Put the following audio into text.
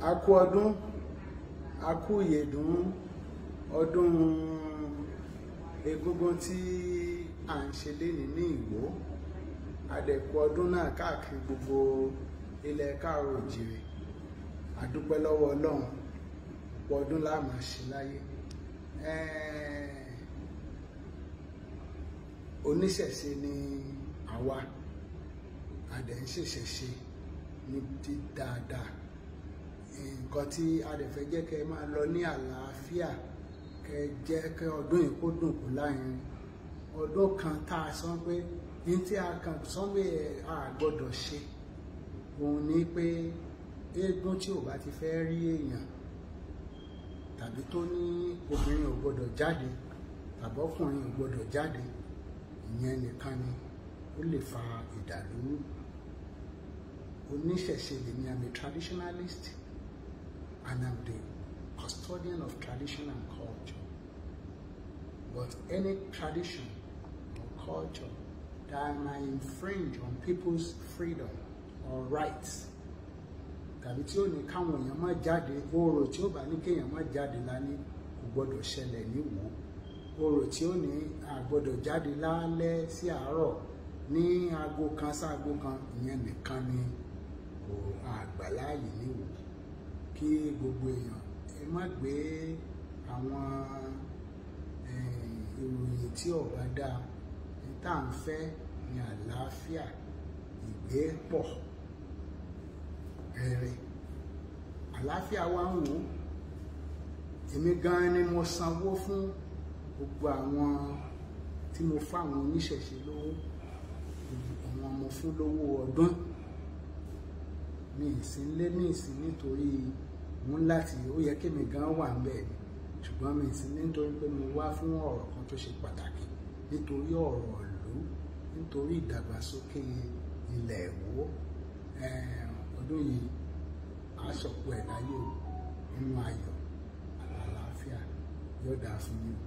Aku kú ọdún a kú ìyèdún ọdún egúngún tí à ń ṣe lénìí ní Ìwó adẹ̀kú ọdún náà káàkiri gbogbo ilẹ̀ káàró òjìrè àdúpẹ́ lọ́wọ́ Ọlọ́run pọ̀ ọdún la máa ṣe láyé oníṣẹ̀ṣe ni àwa àdẹ̀ ń ṣèṣẹ̀ṣe ní dáadáa nǹkan tí a dẹ̀ fẹ́ jẹ́ kẹ́ máa lọ ní àlàáfíà kẹ́ jẹ́ kẹ́ ọdún yìí kó dùn kó láyìnrín ọdún kan tá a sọ pé ní tí a kàn sọ pé a gbọ́dọ̀ ṣe òun ni pé eégún tí ò bá ti fẹ́ rí èèyàn tàbí tó ní obìnrin ò gbọ́dọ̀ jáde tàbí ọkùnrin ò gbọ́dọ̀ jáde ìyẹn nìkan ni ó lè fa ìdàlúrú oníṣẹ̀ṣe lèmi àmì traditionalist and I'm the custodian of tradition and culture. But any tradition or culture that might infringe on people's freedom or rights tàbí tí ó ní káwọn èèyàn má jáde orò tí ó bá ní kéèyàn má jáde lálẹ́ kò gbọ́dọ̀ ṣẹlẹ̀ níwò orò tí ó ní àgbọ́dọ̀ jáde lálẹ́ sí àárọ̀ ní aago kan sáago kan ìyẹn nìkan ni àgbàláàyè níwò kí gbogbo èèyàn ẹ má gbé àwọn ìròyìn tí ò bá dáa ní tá à ń fẹ́ ní àlàáfíà ìgbépọ̀ rere àlàáfíà wa ń wò èmi gan ni mo sanwó fún gbogbo àwọn tí mo fáwọn oníṣẹ̀ṣe lówó àwọn mo fún lówó ọdún mi ì sí lé mi ì sí nítorí mú láti ó yẹ kí mi gan wà bẹ́ẹ̀ ni ṣùgbọ́n mi ì sí nítorí pé mo wá fún ọ̀rọ̀ kan tó ṣe pàtàkì nítorí ọ̀rọ̀ ìlú nítorí ìdàgbàsókè ilẹ̀ Ìwó ọdún yìí aṣọ̀pọ̀ ẹ̀dáyò nínú ayọ̀ àlàáfíà yóò dáa fún yín.